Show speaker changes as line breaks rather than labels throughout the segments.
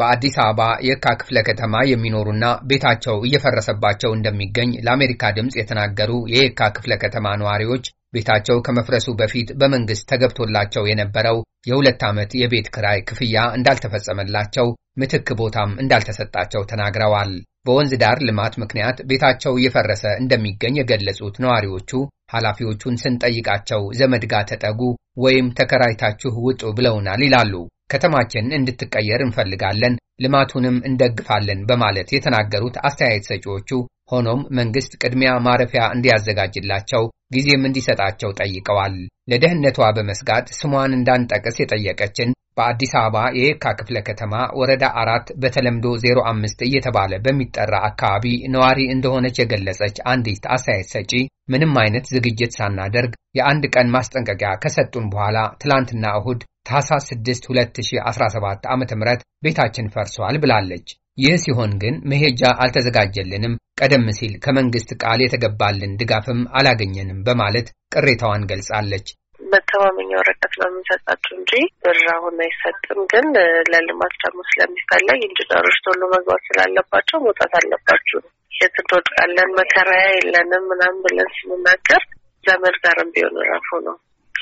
በአዲስ አበባ የካ ክፍለ ከተማ የሚኖሩና ቤታቸው እየፈረሰባቸው እንደሚገኝ ለአሜሪካ ድምፅ የተናገሩ የየካ ክፍለ ከተማ ነዋሪዎች ቤታቸው ከመፍረሱ በፊት በመንግስት ተገብቶላቸው የነበረው የሁለት ዓመት የቤት ክራይ ክፍያ እንዳልተፈጸመላቸው፣ ምትክ ቦታም እንዳልተሰጣቸው ተናግረዋል። በወንዝ ዳር ልማት ምክንያት ቤታቸው እየፈረሰ እንደሚገኝ የገለጹት ነዋሪዎቹ ኃላፊዎቹን ስንጠይቃቸው ዘመድ ጋር ተጠጉ ወይም ተከራይታችሁ ውጡ ብለውናል ይላሉ። ከተማችን እንድትቀየር እንፈልጋለን፣ ልማቱንም እንደግፋለን በማለት የተናገሩት አስተያየት ሰጪዎቹ ሆኖም መንግስት ቅድሚያ ማረፊያ እንዲያዘጋጅላቸው ጊዜም እንዲሰጣቸው ጠይቀዋል። ለደህንነቷ በመስጋት ስሟን እንዳንጠቅስ የጠየቀችን በአዲስ አበባ የየካ ክፍለ ከተማ ወረዳ አራት በተለምዶ 05 እየተባለ በሚጠራ አካባቢ ነዋሪ እንደሆነች የገለጸች አንዲት አስተያየት ሰጪ ምንም አይነት ዝግጅት ሳናደርግ የአንድ ቀን ማስጠንቀቂያ ከሰጡን በኋላ ትላንትና እሁድ ታህሳስ 6 2017 ዓ ም ቤታችን ፈርሷል ብላለች። ይህ ሲሆን ግን መሄጃ አልተዘጋጀልንም፣ ቀደም ሲል ከመንግስት ቃል የተገባልን ድጋፍም አላገኘንም በማለት ቅሬታዋን ገልጻለች።
መተማመኛ ወረቀት ነው የምንሰጣቸው እንጂ ብር አሁን አይሰጥም። ግን ለልማት ደግሞ ስለሚፈለግ ኢንጂነሮች ቶሎ መግባት ስላለባቸው መውጣት አለባችሁ፣ የት እንወድቃለን፣ መከራያ የለንም ምናምን ብለን ስንናገር ዘመድ ጋርም ቢሆን ራፉ ነው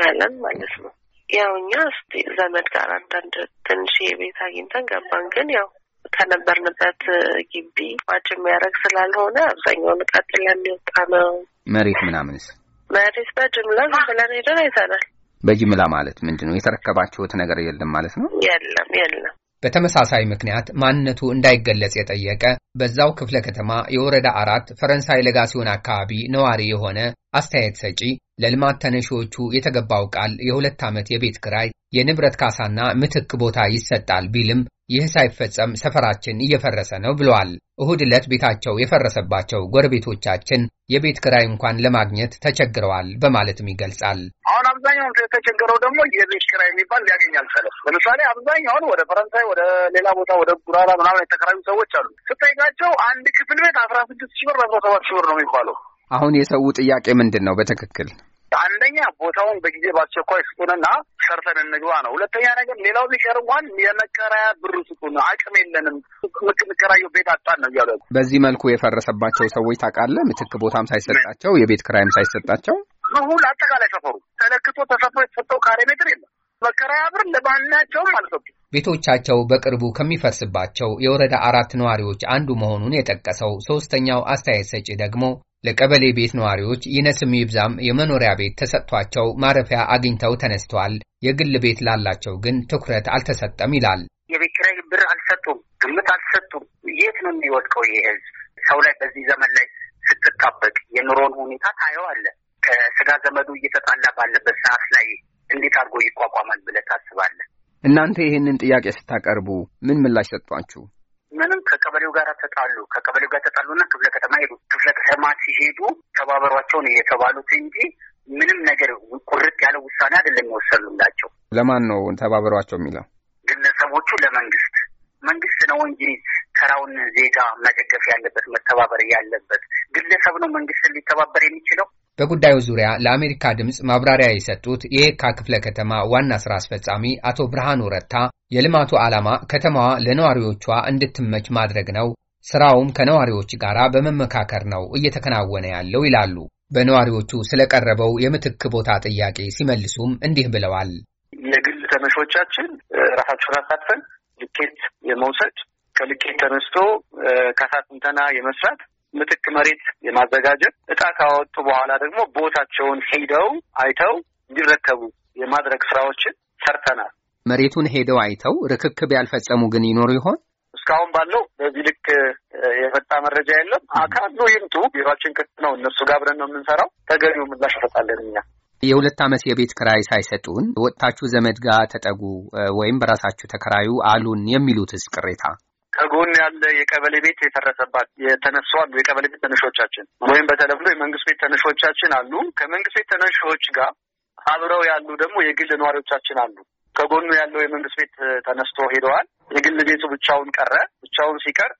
ያለን ማለት ነው። ያው እኛ እስቲ ዘመድ ጋር አንዳንድ ትንሽ የቤት አግኝተን ገባን። ግን ያው ከነበርንበት ግቢ ዋጭ የሚያደርግ ስላልሆነ አብዛኛውን ቀጥል የሚወጣ ነው።
መሬት ምናምንስ
መሬት በጅምላ ዝም ብለን ሄደን አይተናል።
በጅምላ ማለት ምንድን ነው? የተረከባችሁት ነገር የለም ማለት ነው?
የለም የለም።
በተመሳሳይ ምክንያት ማንነቱ እንዳይገለጽ የጠየቀ በዛው ክፍለ ከተማ የወረዳ አራት ፈረንሳይ ለጋሲዮን አካባቢ ነዋሪ የሆነ አስተያየት ሰጪ ለልማት ተነሺዎቹ የተገባው ቃል የሁለት ዓመት የቤት ክራይ፣ የንብረት ካሳና ምትክ ቦታ ይሰጣል ቢልም ይህ ሳይፈጸም ሰፈራችን እየፈረሰ ነው ብለዋል። እሁድ ዕለት ቤታቸው የፈረሰባቸው ጎረቤቶቻችን የቤት ክራይ እንኳን ለማግኘት ተቸግረዋል በማለትም ይገልጻል።
አሁን አብዛኛውን የተቸገረው ደግሞ የቤት ክራይ የሚባል ሊያገኝ አልቻለም። ለምሳሌ አብዛኛውን ወደ ፈረንሳይ፣ ወደ ሌላ ቦታ፣ ወደ ጉራራ ምናምን የተከራዩ ሰዎች አሉ። ስጠይቃቸው አንድ ክፍል ቤት አስራ ስድስት ሺህ ብር አስራ ሰባት ሺህ ብር ነው የሚባለው።
አሁን የሰው ጥያቄ ምንድን ነው በትክክል
አንደኛ ቦታውን በጊዜ በአስቸኳይ ስጡንና ሰርተን እንግባ ነው። ሁለተኛ ነገር ሌላው ቢቀር እንኳን የመከራያ ብር ስጡን፣ አቅም የለንም፣ ምከራየው ቤት አጣን ነው እያሉ
በዚህ መልኩ የፈረሰባቸው ሰዎች ታውቃለህ፣ ምትክ ቦታም ሳይሰጣቸው የቤት ክራይም ሳይሰጣቸው
ሁሉ አጠቃላይ ሰፈሩ ተለክቶ ተሰፍሮ የተሰጠው ካሬ ሜትር
የለም። መከራያ ብር ለማናቸውም አልሰጡም። ቤቶቻቸው በቅርቡ ከሚፈርስባቸው የወረዳ አራት ነዋሪዎች አንዱ መሆኑን የጠቀሰው ሶስተኛው አስተያየት ሰጪ ደግሞ ለቀበሌ ቤት ነዋሪዎች ይነስም ይብዛም የመኖሪያ ቤት ተሰጥቷቸው ማረፊያ አግኝተው ተነስተዋል። የግል ቤት ላላቸው ግን ትኩረት አልተሰጠም ይላል።
የቤት ኪራይ ብር አልሰጡም፣ ግምት አልሰጡም። የት ነው የሚወድቀው ይህ ህዝብ? ሰው ላይ በዚህ ዘመን ላይ ስትጣበቅ የኑሮን ሁኔታ ታየዋለህ። ከስጋ ዘመዱ እየተጣላ ባለበት ሰዓት ላይ እንዴት አድርጎ ይቋቋማል ብለህ ታስባለህ?
እናንተ ይህንን ጥያቄ ስታቀርቡ ምን ምላሽ ሰጧችሁ?
ከቀበሌው ጋር ተጣሉ። ከቀበሌው ጋር ተጣሉና ክፍለ ከተማ ሄዱ። ክፍለ ከተማ ሲሄዱ ተባበሯቸው ነው የተባሉት እንጂ ምንም ነገር ቁርጥ ያለ ውሳኔ አይደለም የወሰኑላቸው።
ለማን ነው ተባበሯቸው የሚለው?
ግለሰቦቹ ለመንግስት መንግስት ነው እንጂ ተራውን ዜጋ መደገፍ ያለበት መተባበር ያለበት ግለሰብ ነው
መንግስትን ሊተባበር የሚችለው በጉዳዩ ዙሪያ ለአሜሪካ ድምፅ ማብራሪያ የሰጡት የየካ ክፍለ ከተማ ዋና ስራ አስፈጻሚ አቶ ብርሃኑ ረታ የልማቱ ዓላማ ከተማዋ ለነዋሪዎቿ እንድትመች ማድረግ ነው፣ ስራውም ከነዋሪዎች ጋር በመመካከር ነው እየተከናወነ ያለው ይላሉ። በነዋሪዎቹ ስለቀረበው የምትክ ቦታ ጥያቄ ሲመልሱም እንዲህ ብለዋል።
የግል ተመሾቻችን ራሳቸውን አሳትፈን ልኬት የመውሰድ ከልኬት ተነስቶ ካሳ ትንተና የመስራት ምትክ መሬት የማዘጋጀት እጣ ካወጡ በኋላ ደግሞ ቦታቸውን ሄደው አይተው እንዲረከቡ የማድረግ ስራዎችን ሰርተናል።
መሬቱን ሄደው አይተው ርክክብ ያልፈጸሙ ግን ይኖሩ ይሆን? እስካሁን ባለው በዚህ ልክ የፈጣ መረጃ የለም። አካሉ ይምጡ፣ ቢሮችን ክፍት ነው። እነሱ ጋር አብረን ነው የምንሰራው። ተገቢው ምላሽ እንሰጣለን እኛ የሁለት ዓመት የቤት ክራይ ሳይሰጡን ወጥታችሁ ዘመድ ጋር ተጠጉ ወይም በራሳችሁ ተከራዩ አሉን የሚሉትስ ቅሬታ
ከጎን ያለ የቀበሌ ቤት የፈረሰባት የተነሱ አሉ። የቀበሌ ቤት ተነሾቻችን ወይም በተለምዶ የመንግስት ቤት ተነሾቻችን አሉ። ከመንግስት ቤት ተነሾች ጋር አብረው ያሉ ደግሞ የግል ነዋሪዎቻችን አሉ። ከጎኑ ያለው የመንግስት ቤት ተነስቶ ሄደዋል። የግል ቤቱ ብቻውን ቀረ። ብቻውን ሲቀር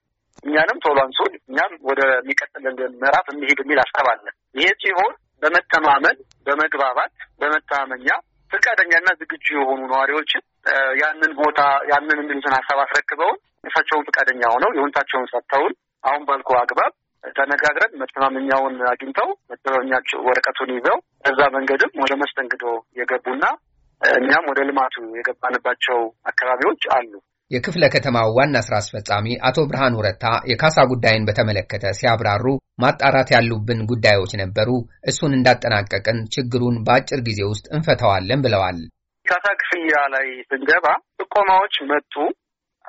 እኛንም ቶሎ አንሱን፣ እኛም ወደሚቀጥል ምዕራፍ እንሄድ የሚል ሀሳብ አለ። ይሄ ሲሆን በመተማመን በመግባባት በመተማመኛ ፍቃደኛና ዝግጁ የሆኑ ነዋሪዎችን ያንን ቦታ ያንን የሚሉትን ሀሳብ አስረክበውን እሳቸውን ፈቃደኛ ሆነው የሁንታቸውን ሰጥተውን አሁን ባልኩ አግባብ ተነጋግረን መተማመኛውን አግኝተው መተማመኛቸው ወረቀቱን ይዘው በዛ መንገድም ወደ መስተንግዶ የገቡና እኛም ወደ ልማቱ የገባንባቸው አካባቢዎች አሉ።
የክፍለ ከተማው ዋና ስራ አስፈጻሚ አቶ ብርሃን ወረታ የካሳ ጉዳይን በተመለከተ ሲያብራሩ ማጣራት ያሉብን ጉዳዮች ነበሩ፣ እሱን እንዳጠናቀቅን ችግሩን በአጭር ጊዜ ውስጥ እንፈተዋለን ብለዋል።
ካሳ ክፍያ ላይ ስንገባ ጥቆማዎች መጡ።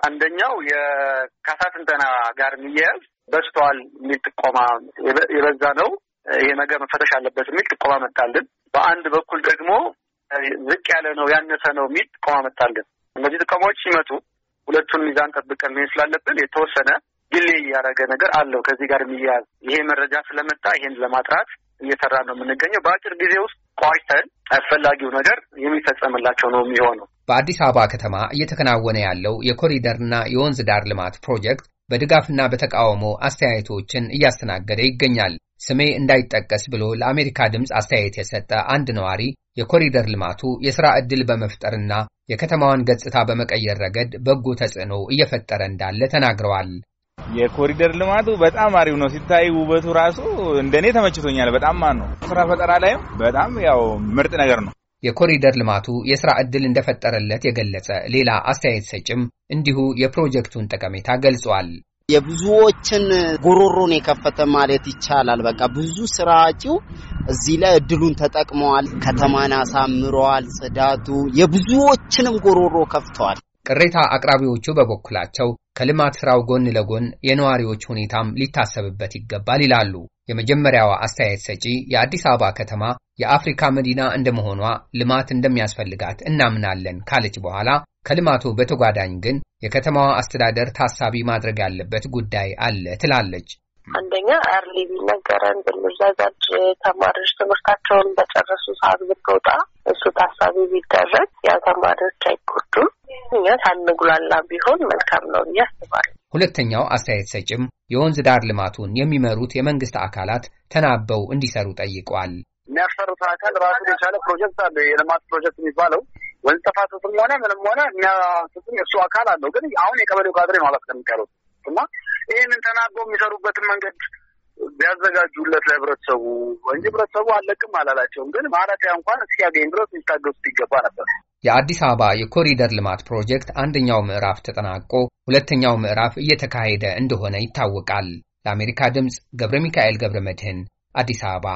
አንደኛው የካሳ ትንተና ጋር የሚያያዝ በስተዋል የሚል ጥቆማ የበዛ ነው። ይሄ ነገር መፈተሽ አለበት የሚል ጥቆማ መጣልን። በአንድ በኩል ደግሞ ዝቅ ያለ ነው ያነሰ ነው የሚል ጥቆማ መጣልን። እነዚህ ጥቆማዎች ሲመጡ ሁለቱን ሚዛን ጠብቀን መሄድ ስላለብን የተወሰነ ግሌ እያደረገ ነገር አለው ከዚህ ጋር የሚያያዝ ይሄ መረጃ ስለመጣ ይሄን ለማጥራት እየሰራ ነው የምንገኘው። በአጭር ጊዜ ውስጥ ቋጭተን አስፈላጊው ነገር የሚፈጸምላቸው ነው የሚሆነው።
በአዲስ አበባ ከተማ እየተከናወነ ያለው የኮሪደርና የወንዝ ዳር ልማት ፕሮጀክት በድጋፍና በተቃውሞ አስተያየቶችን እያስተናገደ ይገኛል። ስሜ እንዳይጠቀስ ብሎ ለአሜሪካ ድምፅ አስተያየት የሰጠ አንድ ነዋሪ የኮሪደር ልማቱ የሥራ ዕድል በመፍጠርና የከተማዋን ገጽታ በመቀየር ረገድ በጎ ተጽዕኖ እየፈጠረ እንዳለ ተናግረዋል። የኮሪደር ልማቱ በጣም አሪፍ ነው። ሲታይ ውበቱ ራሱ እንደኔ ተመችቶኛል። በጣም ማን ነው ስራ ፈጠራ ላይም በጣም ያው ምርጥ ነገር ነው። የኮሪደር ልማቱ የሥራ ዕድል እንደፈጠረለት የገለጸ ሌላ አስተያየት ሰጭም እንዲሁ የፕሮጀክቱን ጠቀሜታ ገልጿል። የብዙዎችን ጎሮሮን የከፈተ ማለት ይቻላል። በቃ ብዙ ስራ አጪው እዚህ ላይ እድሉን ተጠቅመዋል። ከተማን አሳምረዋል። ጽዳቱ የብዙዎችንም ጎሮሮ ከፍተዋል። ቅሬታ አቅራቢዎቹ በበኩላቸው ከልማት ሥራው ጎን ለጎን የነዋሪዎች ሁኔታም ሊታሰብበት ይገባል ይላሉ። የመጀመሪያዋ አስተያየት ሰጪ የአዲስ አበባ ከተማ የአፍሪካ መዲና እንደመሆኗ ልማት እንደሚያስፈልጋት እናምናለን ካለች በኋላ ከልማቱ በተጓዳኝ ግን የከተማዋ አስተዳደር ታሳቢ ማድረግ ያለበት ጉዳይ አለ ትላለች።
አንደኛ አርሊ ቢነገረን ብንዘጋጅ ተማሪዎች ትምህርታቸውን በጨረሱ ሰዓት ብንወጣ እሱ ታሳቢ ቢደረግ ያ ተማሪዎች አይጎዱም። ግንኙነት አንጉላላ ቢሆን መልካም ነው ብዬ አስባለሁ።
ሁለተኛው አስተያየት ሰጭም የወንዝ ዳር ልማቱን የሚመሩት የመንግስት አካላት ተናበው እንዲሰሩ ጠይቋል።
የሚያሰሩት አካል ራሱን የቻለ ፕሮጀክት አለ። የልማት ፕሮጀክት የሚባለው ወንዝ ተፋሰስም ሆነ ምንም ሆነ የሚያስስም የእሱ አካል አለው። ግን አሁን የቀበሌው ካድሬ ነው አላስቀምጥ እና ይህንን ተናበው የሚሰሩበትን መንገድ ቢያዘጋጁለት ለህብረተሰቡ እንጂ ህብረተሰቡ አለቅም አላላቸውም። ግን ማለፊያ እንኳን እስኪያገኝ ድረስ ሊታገሱት ይገባ
ነበር። የአዲስ አበባ የኮሪደር ልማት ፕሮጀክት አንደኛው ምዕራፍ ተጠናቆ ሁለተኛው ምዕራፍ እየተካሄደ እንደሆነ ይታወቃል። ለአሜሪካ ድምፅ ገብረ ሚካኤል ገብረ መድህን አዲስ አበባ